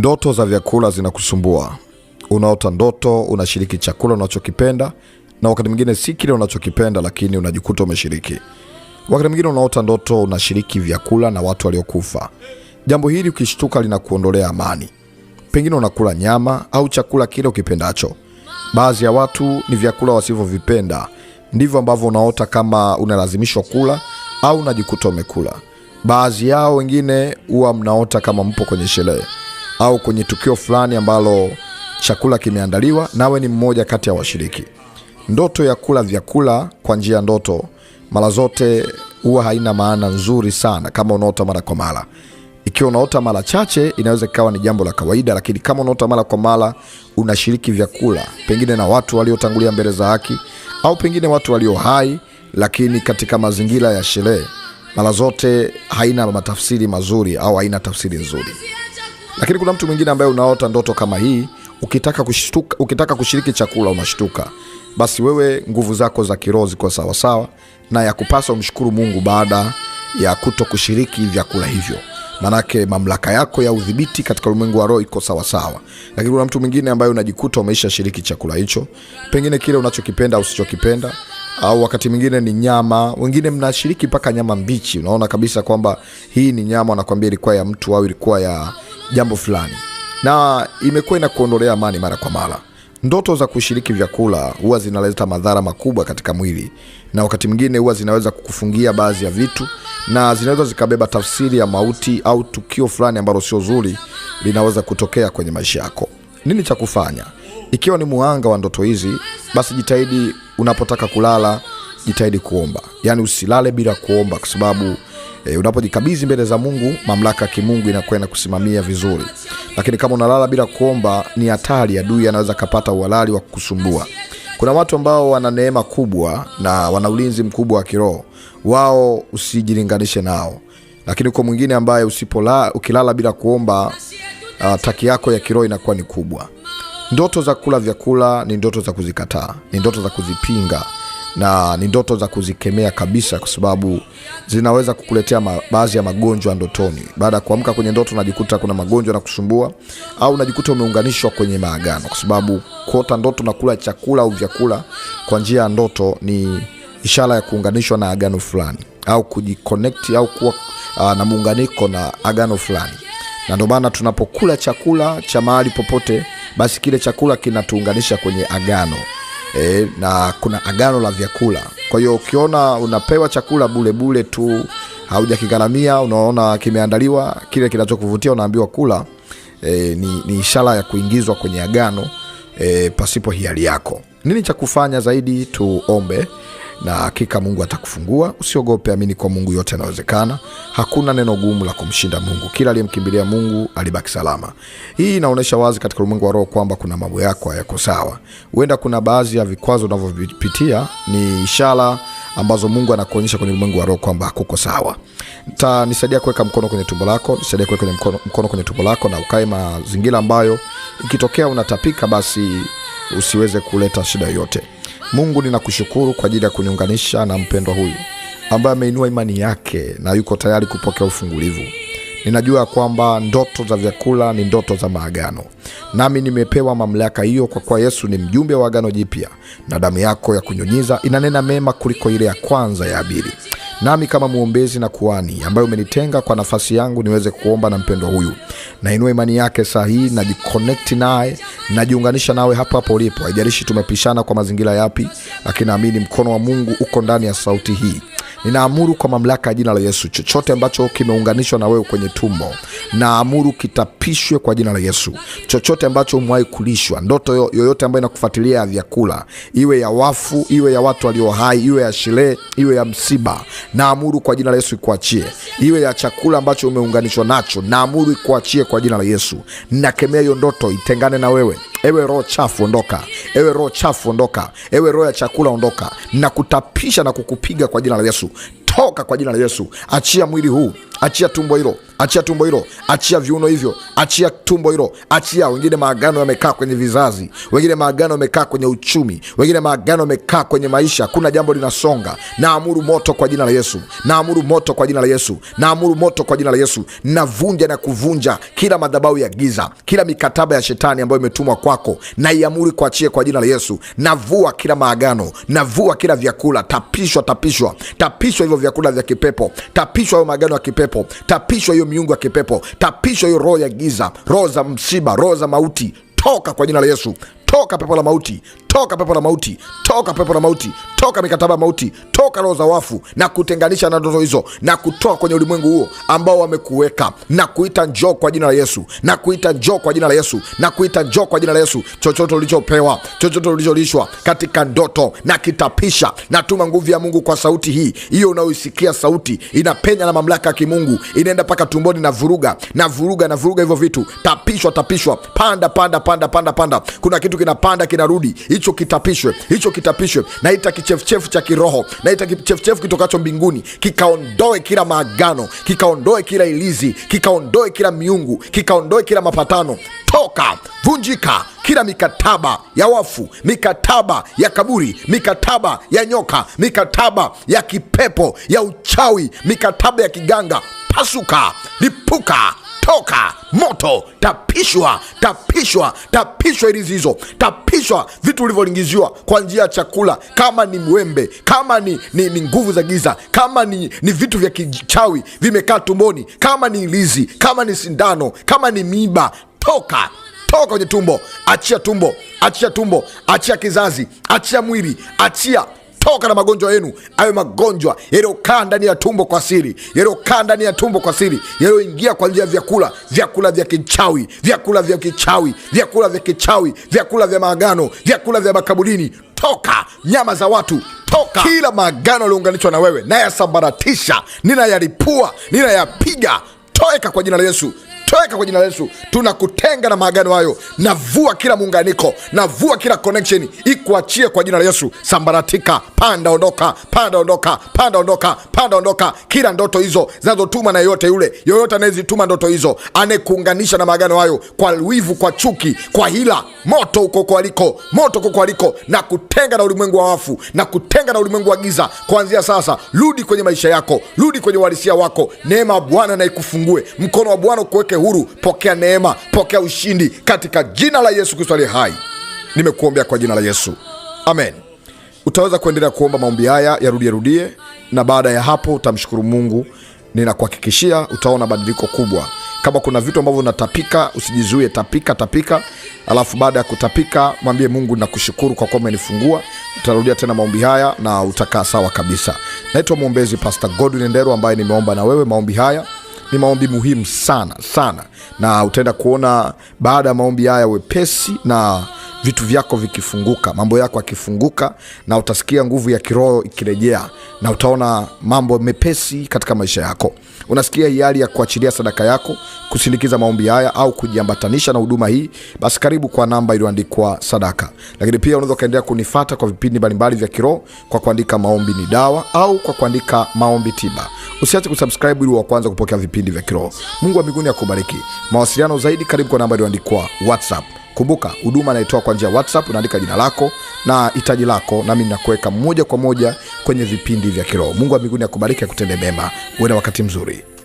Ndoto za vyakula zinakusumbua, unaota ndoto, unashiriki chakula unachokipenda na wakati mwingine si kile unachokipenda, lakini unajikuta umeshiriki. Wakati mwingine unaota ndoto unashiriki vyakula na watu waliokufa. Jambo hili ukishtuka, linakuondolea amani. Pengine unakula nyama au chakula kile ukipendacho. Baadhi ya watu ni vyakula wasivyovipenda ndivyo ambavyo unaota kama unalazimishwa kula au unajikuta umekula. Baadhi yao wengine huwa mnaota kama mpo kwenye sherehe au kwenye tukio fulani ambalo chakula kimeandaliwa, nawe ni mmoja kati ya washiriki. Ndoto ya kula vyakula kwa njia ya ndoto mara zote huwa haina maana nzuri sana kama unaota mara kwa mara. Ikiwa unaota mara chache, inaweza ikawa ni jambo la kawaida, lakini kama unaota mara kwa mara, unashiriki vyakula pengine na watu waliotangulia mbele za haki au pengine watu walio hai, lakini katika mazingira ya sherehe, mara zote haina matafsiri mazuri au haina tafsiri nzuri. Lakini kuna mtu mwingine ambaye unaota ndoto kama hii, ukitaka kushtuka, ukitaka kushiriki chakula unashtuka. Basi wewe nguvu zako za kiroho ziko sawasawa, na ya kupasa umshukuru Mungu baada ya kuto kushiriki vyakula hivyo, manake mamlaka yako ya udhibiti katika ulimwengu wa roho iko sawasawa. Lakini kuna mtu mwingine ambaye unajikuta umeisha shiriki chakula hicho, pengine kile unachokipenda usichokipenda au wakati mwingine ni nyama. Wengine mnashiriki mpaka nyama mbichi, unaona kabisa kwamba hii ni nyama, wanakwambia ilikuwa ya mtu au ilikuwa ya jambo fulani, na imekuwa inakuondolea amani mara kwa mara. Ndoto za kushiriki vyakula huwa zinaleta madhara makubwa katika mwili, na wakati mwingine huwa zinaweza kukufungia baadhi ya vitu, na zinaweza zikabeba tafsiri ya mauti au tukio fulani ambalo sio zuri linaweza kutokea kwenye maisha yako. Nini cha kufanya? Ikiwa ni muhanga wa ndoto hizi, basi jitahidi unapotaka kulala, jitahidi kuomba, yaani usilale bila kuomba, kwa sababu E, unapojikabidhi mbele za Mungu, mamlaka ya kimungu inakwenda kusimamia vizuri, lakini kama unalala bila kuomba ni hatari. Adui anaweza kapata uhalali wa kukusumbua. Kuna watu ambao wana neema kubwa na wana ulinzi mkubwa wa kiroho, wao usijilinganishe nao, lakini kwa mwingine ambaye usipola, ukilala bila kuomba uh, taki yako ya kiroho inakuwa ni kubwa. Ndoto za kula vyakula ni ndoto za kuzikataa, ni ndoto za kuzipinga na ni ndoto za kuzikemea kabisa, kwa sababu zinaweza kukuletea baadhi ya magonjwa ndotoni. Baada ya kuamka kwenye ndoto, unajikuta kuna magonjwa na kusumbua, au unajikuta umeunganishwa kwenye maagano, kwa sababu kuota ndoto na kula chakula au vyakula kwa njia ya ndoto ni ishara ya kuunganishwa na agano fulani, au kujiconnect au kuwa uh, na muunganiko na agano fulani. Na ndio maana tunapokula chakula cha mahali popote, basi kile chakula kinatuunganisha kwenye agano e, na kuna agano la vyakula. Kwa hiyo ukiona unapewa chakula bulebule tu haujakigharamia, unaona kimeandaliwa kile kinachokuvutia, unaambiwa kula e, ni, ni ishara ya kuingizwa kwenye agano e, pasipo hiari yako. Nini cha kufanya zaidi? Tuombe na hakika Mungu atakufungua. Usiogope, amini kwa Mungu, yote anawezekana Hakuna neno gumu la kumshinda Mungu. Kila aliyemkimbilia Mungu alibaki salama. Hii inaonyesha wazi katika ulimwengu wa roho kwamba kuna mambo yako hayako sawa. Huenda kuna baadhi ya vikwazo unavyopitia ni ishara ambazo Mungu anakuonyesha kwenye ulimwengu wa roho kwamba hakuko sawa. Ta nisaidia kuweka mkono kwenye tumbo lako, nisaidia kuweka mkono, mkono kwenye tumbo lako na ukae mazingira ambayo ikitokea unatapika basi usiweze kuleta shida yoyote. Mungu ninakushukuru kwa ajili ya kuniunganisha na mpendwa huyu ambaye ameinua imani yake na yuko tayari kupokea ufungulivu. Ninajua kwamba ndoto za vyakula ni ndoto za maagano, nami nimepewa mamlaka hiyo kwa kuwa Yesu ni mjumbe wa agano jipya, na damu yako ya kunyunyiza inanena mema kuliko ile ya kwanza ya abiri nami kama mwombezi na kuani ambaye umenitenga kwa nafasi yangu niweze kuomba na mpendwa huyu. Nainua imani yake saa hii, najikonekti naye, najiunganisha nawe hapa hapo ulipo. Haijalishi tumepishana kwa mazingira yapi, lakini naamini mkono wa Mungu uko ndani ya sauti hii. Ninaamuru kwa mamlaka ya jina la Yesu, chochote ambacho kimeunganishwa na wewe kwenye tumbo, naamuru kitapishwe kwa jina la Yesu. Chochote ambacho umewahi kulishwa, ndoto yoyote ambayo inakufuatilia ya vyakula, iwe ya wafu, iwe ya watu walio hai, iwe ya sherehe, iwe ya msiba, naamuru kwa jina la Yesu ikuachie. Iwe ya chakula ambacho umeunganishwa nacho, naamuru ikuachie kwa jina la Yesu. Nakemea hiyo ndoto, itengane na wewe Ewe roho chafu ondoka, ewe roho chafu ondoka, ewe roho ya chakula ondoka. na kutapisha na kukupiga kwa jina la Yesu. Toka kwa jina la Yesu, achia mwili huu achia tumbo hilo, achia tumbo hilo, achia viuno hivyo, achia tumbo hilo, achia. Wengine maagano yamekaa kwenye vizazi, wengine maagano yamekaa kwenye uchumi, wengine maagano yamekaa kwenye maisha. Kuna jambo linasonga, naamuru moto kwa jina la Yesu, naamuru moto kwa jina la Yesu, naamuru moto kwa jina la Yesu. Navunja na kuvunja kila madhabahu ya giza, kila mikataba ya shetani ambayo imetumwa kwako, naiamuru kuachie kwa jina la Yesu. Navua kila maagano, navua kila vyakula, tapishwa, tapishwa, tapishwa hivyo vyakula vya kipepo, tapishwa hayo maagano ya kipepo kipepo, tapishwa hiyo miungu ya kipepo, tapishwa hiyo roho ya giza, roho za msiba, roho za mauti, toka kwa jina la Yesu. Toka pepo la mauti, toka pepo la mauti, toka pepo la mauti, toka mikataba ya mauti, toka kutoka roho za wafu na kutenganisha na ndoto hizo na kutoa kwenye ulimwengu huo ambao wamekuweka, na kuita njoo kwa jina la Yesu, na kuita njoo kwa jina la Yesu, na kuita njoo kwa jina la Yesu. Chochote ulichopewa, chochote ulicholishwa katika ndoto na kitapisha, natuma nguvu ya Mungu kwa sauti hii hiyo unayoisikia, sauti inapenya na mamlaka ya kimungu, inaenda mpaka tumboni na vuruga na vuruga na vuruga hivyo vitu, tapishwa tapishwa, panda panda panda panda panda. Kuna kitu kinapanda kinarudi, hicho kitapishwe, hicho kitapishwe. Naita kichefuchefu cha kiroho, naita kileta kichefuchefu kitokacho mbinguni, kikaondoe kila maagano, kikaondoe kila ilizi, kikaondoe kila miungu, kikaondoe kila mapatano. Toka, vunjika kila mikataba ya wafu, mikataba ya kaburi, mikataba ya nyoka, mikataba ya kipepo, ya uchawi, mikataba ya kiganga. Pasuka, lipuka toka moto, tapishwa, tapishwa, tapishwa hili zizo, tapishwa vitu ulivyolingiziwa kwa njia ya chakula, kama ni mwembe, kama ni, ni, ni nguvu za giza, kama ni, ni vitu vya kichawi vimekaa tumboni, kama ni lizi kama ni sindano, kama ni miba, toka toka kwenye tumbo, achia tumbo, achia tumbo, achia kizazi, achia mwili, achia toka na magonjwa yenu, ayo magonjwa yaliyokaa ndani ya tumbo kwa siri, yaliyokaa ndani ya tumbo kwa siri, yaliyoingia kwa njia ya vyakula, vyakula vya kichawi, vyakula vya kichawi, vyakula vya kichawi, vyakula vya maagano, vyakula vya makaburini, toka nyama za watu toka. Kila maagano yaliyounganishwa na wewe, nayasambaratisha, ninayaripua, ninayapiga, toeka kwa jina la Yesu tunakuteka kwa jina la Yesu, tunakutenga na maagano hayo. Navua kila muunganiko, navua kila connection, ikuachie kwa jina la Yesu. Sambaratika, panda ondoka, panda ondoka, panda ondoka, panda ondoka. Kila ndoto hizo zinazotuma na yoyote yule, yoyote anayezituma ndoto hizo, anayekuunganisha na maagano hayo, kwa wivu, kwa chuki, kwa hila, moto uko kwa kwaliko, moto uko kwa kwaliko, na kutenga na ulimwengu wa wafu, na kutenga na ulimwengu wa giza. Kuanzia sasa, rudi kwenye maisha yako, rudi kwenye uhalisia wako. Neema ya Bwana na ikufungue, mkono wa Bwana ukuweke huru, pokea neema, pokea ushindi katika jina la Yesu Kristo aliye hai. Nimekuombea kwa jina la Yesu, amen. Utaweza kuendelea kuomba maombi haya yarudie rudie, na baada ya hapo utamshukuru Mungu. Ninakuhakikishia utaona badiliko kubwa. Kama kuna vitu ambavyo unatapika, usijizuie, tapika tapika, alafu baada ya kutapika mwambie Mungu, nakushukuru kwa kuwa umenifungua. Utarudia tena maombi haya na utakaa sawa kabisa. Naitwa mwombezi Pastor Godwin Ndero, ambaye nimeomba na wewe maombi haya ni maombi muhimu sana sana, na utaenda kuona baada ya maombi haya wepesi na vitu vyako vikifunguka, mambo yako akifunguka, na utasikia nguvu ya kiroho ikirejea, na utaona mambo mepesi katika maisha yako. Unasikia hiari ya kuachilia sadaka yako, kusindikiza maombi haya au kujiambatanisha na huduma hii, basi karibu kwa namba iliyoandikwa sadaka. Lakini pia unaweza ukaendelea kunifata kwa vipindi mbalimbali vya kiroho kwa kuandika maombi ni dawa au kwa kuandika maombi tiba. Usiache kusubscribe ili wa kwanza kupokea vipindi vya kiroho. Mungu wa mbinguni akubariki. Mawasiliano zaidi, karibu kwa namba iliyoandikwa WhatsApp Kumbuka huduma anaitoa kwa njia WhatsApp, unaandika jina lako na hitaji lako, nami ninakuweka moja kwa moja kwenye vipindi vya kiroho. Mungu wa mbinguni akubariki, akutende mema, uwe na wakati mzuri.